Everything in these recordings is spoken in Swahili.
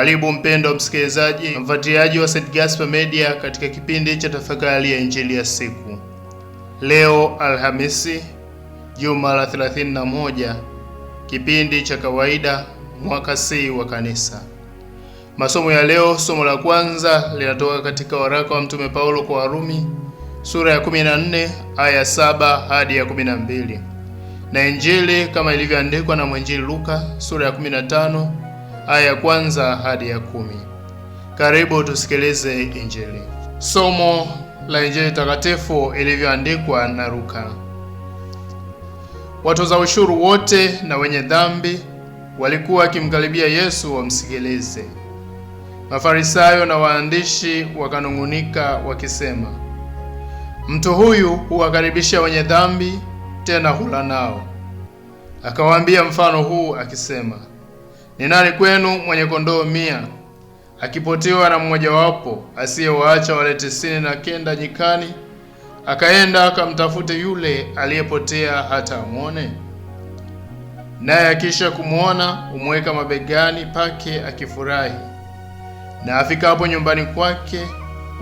Karibu mpendo msikilizaji na mfuatiliaji wa St. Gaspar Media katika kipindi cha tafakari ya injili ya siku leo, Alhamisi, juma la 31 kipindi cha kawaida mwaka C wa Kanisa. Masomo ya leo, somo la kwanza linatoka katika waraka wa Mtume Paulo kwa Warumi sura ya 14 aya 7 hadi ya 12, na injili kama ilivyoandikwa na mwinjili Luka sura ya 15 aya ya kwanza hadi ya kumi. Karibu tusikilize Injili. Somo la Injili takatifu ilivyoandikwa na Luka. Watoza ushuru wote na wenye dhambi walikuwa wakimkaribia Yesu wamsikilize. Mafarisayo na waandishi wakanung'unika wakisema, mtu huyu huwakaribisha wenye dhambi, tena hula nao. Akawaambia mfano huu akisema ni nani kwenu mwenye kondoo mia akipotewa na mmojawapo, asiyewaacha wale tisini na kenda nyikani, akaenda akamtafute yule aliyepotea hata amwone? Naye akisha kumwona, umweka mabegani pake akifurahi. Na afikapo nyumbani kwake,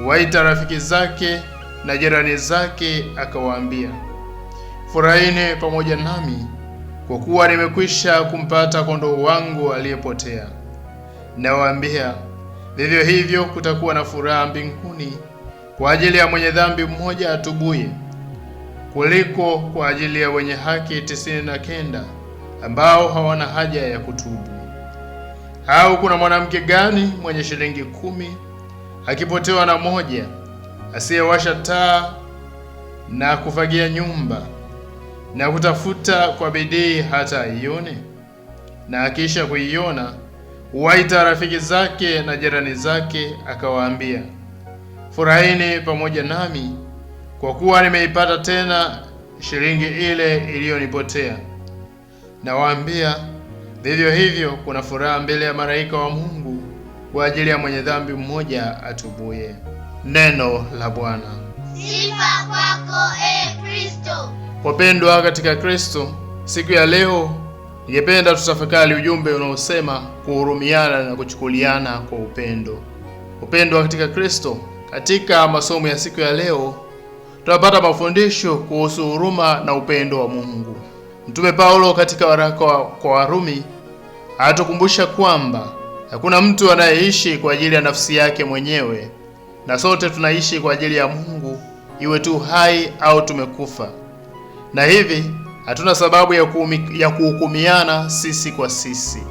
waita rafiki zake na jirani zake, akawaambia, furahini pamoja nami kwa kuwa nimekwisha kumpata kondoo wangu aliyepotea. Nawaambia, vivyo hivyo kutakuwa na furaha mbinguni kwa ajili ya mwenye dhambi mmoja atubuye kuliko kwa ajili ya wenye haki tisini na kenda ambao hawana haja ya kutubu. Au kuna mwanamke gani mwenye shilingi kumi akipotewa na moja, asiyewasha taa na kufagia nyumba na kutafuta kwa bidii hata aione, na akisha kuiona huwaita rafiki zake na jirani zake, akawaambia, furahini pamoja nami, kwa kuwa nimeipata tena shilingi ile iliyonipotea. Nawaambia, vivyo hivyo kuna furaha mbele ya malaika wa Mungu kwa ajili ya mwenye dhambi mmoja atubuye. Neno la Bwana. Sifa kwako, eh, Kristo. Wapendwa katika Kristo, siku ya leo ningependa tutafakari ujumbe unaosema kuhurumiana na kuchukuliana kwa upendo. Wapendwa katika Kristo, katika masomo ya siku ya leo tutapata mafundisho kuhusu huruma na upendo wa Mungu. Mtume Paulo katika waraka kwa Warumi anatukumbusha kwamba hakuna mtu anayeishi kwa ajili ya nafsi yake mwenyewe, na sote tunaishi kwa ajili ya Mungu, iwe tu hai au tumekufa na hivi hatuna sababu ya, kuhumi, ya kuhukumiana sisi kwa sisi.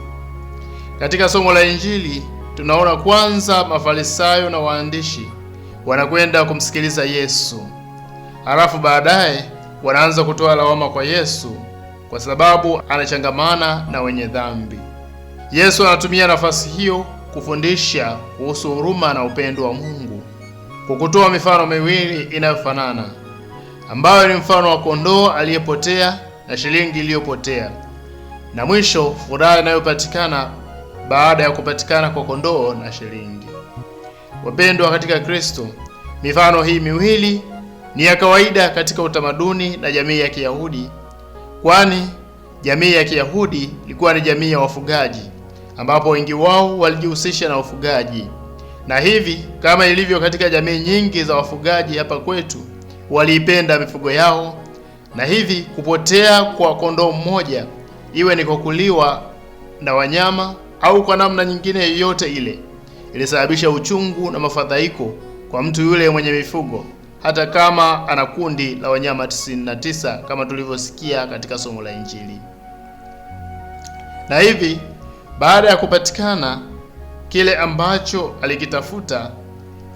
Katika somo la Injili tunaona kwanza Mafarisayo na waandishi wanakwenda kumsikiliza Yesu, halafu baadaye wanaanza kutoa lawama kwa Yesu kwa sababu anachangamana na wenye dhambi. Yesu anatumia nafasi hiyo kufundisha kuhusu huruma na upendo wa Mungu kwa kutoa mifano miwili inayofanana ambayo ni mfano wa kondoo aliyepotea na shilingi iliyopotea, na mwisho furaha inayopatikana baada ya kupatikana kwa kondoo na shilingi. Wapendwa katika Kristo, mifano hii miwili ni ya kawaida katika utamaduni na jamii ya Kiyahudi, kwani jamii ya Kiyahudi ilikuwa ni jamii ya wafugaji, ambapo wengi wao walijihusisha na ufugaji, na hivi kama ilivyo katika jamii nyingi za wafugaji hapa kwetu waliipenda mifugo yao, na hivi kupotea kwa kondoo mmoja, iwe ni kwa kuliwa na wanyama au kwa namna nyingine yoyote ile, ilisababisha uchungu na mafadhaiko kwa mtu yule mwenye mifugo, hata kama ana kundi la wanyama 99 kama tulivyosikia katika somo la Injili. Na hivi baada ya kupatikana kile ambacho alikitafuta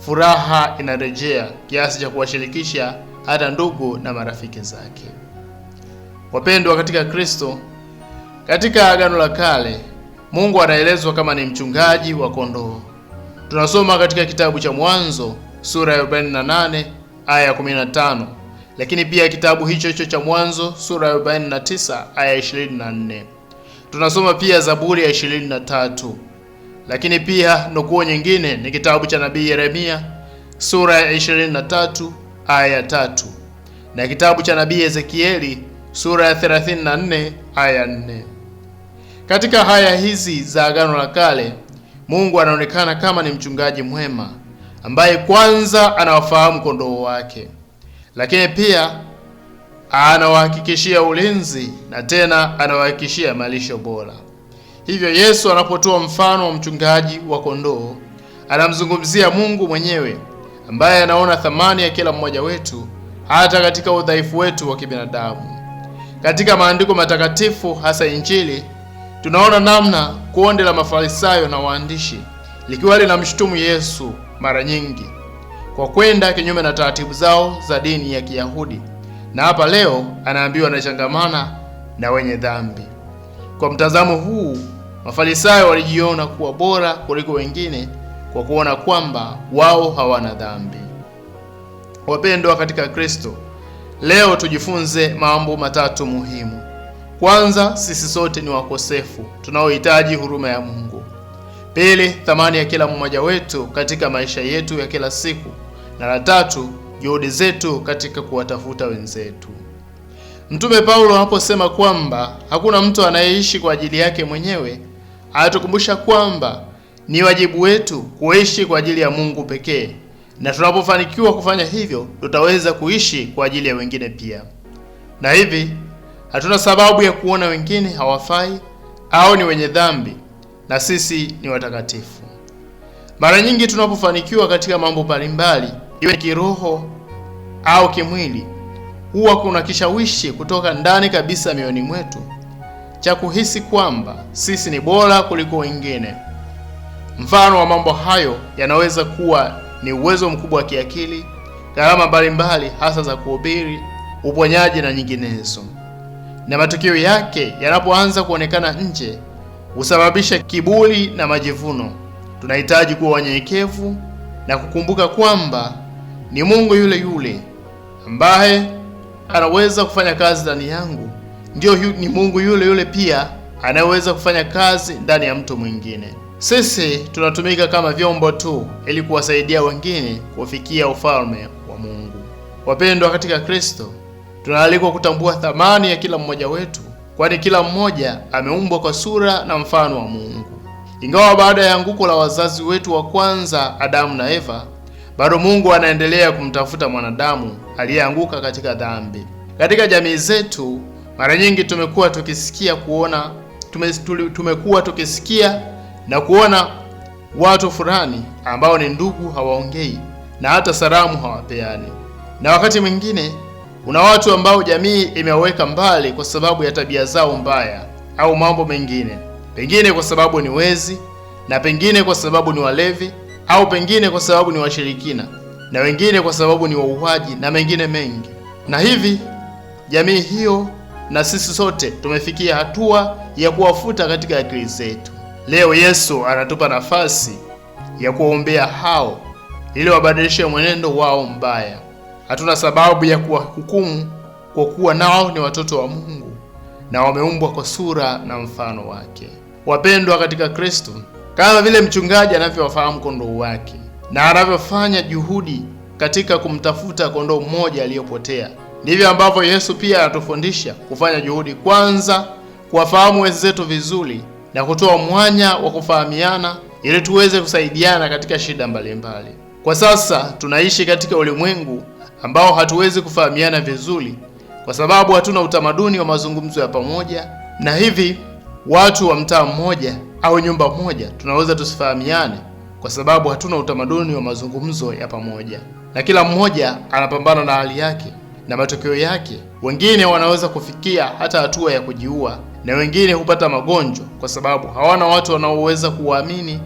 furaha inarejea kiasi cha kuwashirikisha hata ndugu na marafiki zake. Wapendwa katika Kristo, katika Agano la Kale Mungu anaelezwa kama ni mchungaji wa kondoo. Tunasoma katika kitabu cha Mwanzo sura ya 48 aya ya 15, lakini pia kitabu hicho hicho cha Mwanzo sura ya 49 aya 24. Tunasoma pia Zaburi ya 23 lakini pia nukuu nyingine ni kitabu cha nabii Yeremia sura ya 23 aya tatu na kitabu cha nabii Ezekieli sura ya 34 aya 4. Katika haya hizi za Agano la Kale, Mungu anaonekana kama ni mchungaji mwema ambaye kwanza anawafahamu kondoo wake, lakini pia anawahakikishia ulinzi na tena anawahakikishia malisho bora. Hivyo Yesu anapotoa mfano wa mchungaji wa kondoo, anamzungumzia Mungu mwenyewe ambaye anaona thamani ya kila mmoja wetu hata katika udhaifu wetu wa kibinadamu. Katika maandiko matakatifu, hasa Injili, tunaona namna kundi la Mafarisayo na waandishi likiwa linamshutumu Yesu mara nyingi kwa kwenda kinyume na taratibu zao za dini ya Kiyahudi, na hapa leo anaambiwa anachangamana na wenye dhambi. Kwa mtazamo huu, Mafarisayo walijiona kuwa bora kuliko wengine kwa kuona kwamba wao hawana dhambi. Wapendwa katika Kristo, leo tujifunze mambo matatu muhimu. Kwanza, sisi sote ni wakosefu tunaohitaji huruma ya Mungu. Pili, thamani ya kila mmoja wetu katika maisha yetu ya kila siku, na la tatu, juhudi zetu katika kuwatafuta wenzetu. Mtume Paulo anaposema kwamba hakuna mtu anayeishi kwa ajili yake mwenyewe, anatukumbusha kwamba ni wajibu wetu kuishi kwa ajili ya Mungu pekee, na tunapofanikiwa kufanya hivyo, tutaweza kuishi kwa ajili ya wengine pia, na hivi hatuna sababu ya kuona wengine hawafai au ni wenye dhambi na sisi ni watakatifu. Mara nyingi tunapofanikiwa katika mambo mbalimbali, iwe ni kiroho au kimwili huwa kuna kishawishi kutoka ndani kabisa mioyoni mwetu cha kuhisi kwamba sisi ni bora kuliko wengine. Mfano wa mambo hayo yanaweza kuwa ni uwezo mkubwa wa kiakili, gharama mbalimbali, hasa za kuhubiri, uponyaji na nyinginezo. Na matokeo yake yanapoanza kuonekana nje, husababisha kiburi na majivuno. Tunahitaji kuwa wanyenyekevu na kukumbuka kwamba ni Mungu yule yule ambaye anaweza kufanya kazi ndani yangu, ndiyo yu, ni Mungu yule yule pia anayeweza kufanya kazi ndani ya mtu mwingine. Sisi tunatumika kama vyombo tu ili kuwasaidia wengine kufikia ufalme wa Mungu. Wapendwa katika Kristo, tunaalikwa kutambua thamani ya kila mmoja wetu, kwani kila mmoja ameumbwa kwa sura na mfano wa Mungu. Ingawa baada ya anguko la wazazi wetu wa kwanza Adamu na Eva, bado Mungu anaendelea kumtafuta mwanadamu aliyeanguka katika dhambi. Katika jamii zetu mara nyingi tumekuwa tukisikia kuona tume, tumekuwa tukisikia na kuona watu fulani ambao ni ndugu hawaongei na hata salamu hawapeani, na wakati mwingine kuna watu ambao jamii imewaweka mbali kwa sababu ya tabia zao mbaya au mambo mengine, pengine kwa sababu ni wezi na pengine kwa sababu ni walevi au pengine kwa sababu ni washirikina na wengine kwa sababu ni wauaji na mengine mengi. Na hivi jamii hiyo na sisi sote tumefikia hatua ya kuwafuta katika akili zetu. Leo Yesu anatupa nafasi ya kuwaombea hao ili wabadilishe mwenendo wao mbaya. Hatuna sababu ya kuwahukumu kwa kuwa nao ni watoto wa Mungu na wameumbwa kwa sura na mfano wake. Wapendwa katika Kristo, kama vile mchungaji anavyowafahamu kondoo wake na anavyofanya juhudi katika kumtafuta kondoo mmoja aliyopotea. Ndivyo ambavyo Yesu pia anatufundisha kufanya juhudi, kwanza kuwafahamu wenzetu vizuri na kutoa mwanya wa kufahamiana ili tuweze kusaidiana katika shida mbalimbali mbali. Kwa sasa tunaishi katika ulimwengu ambao hatuwezi kufahamiana vizuri kwa sababu hatuna utamaduni wa mazungumzo ya pamoja, na hivi watu wa mtaa mmoja au nyumba moja tunaweza tusifahamiane kwa sababu hatuna utamaduni wa mazungumzo ya pamoja, na kila mmoja anapambana na hali yake, na matokeo yake wengine wanaweza kufikia hata hatua ya kujiua, na wengine hupata magonjwa kwa sababu hawana watu wanaoweza kuwaamini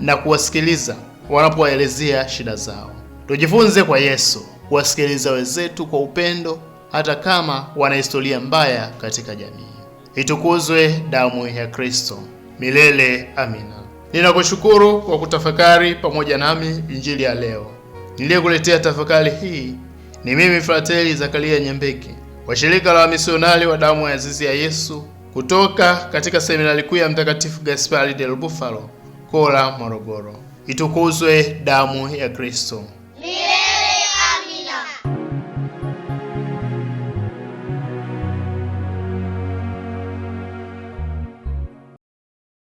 na kuwasikiliza wanapowaelezea shida zao. Tujifunze kwa Yesu kuwasikiliza wenzetu kwa upendo, hata kama wana historia mbaya katika jamii. Itukuzwe damu ya Kristo! Milele amina. Ninakushukuru kwa kutafakari pamoja nami injili ya leo. Niliyekuletea tafakari hii ni mimi Frateli Zakaria Nyembeki wa shirika la wamisionari wa damu ya azizi ya Yesu kutoka katika seminari kuu ya Mtakatifu Gaspari del Bufalo, Kola, Morogoro. Itukuzwe damu ya Kristo!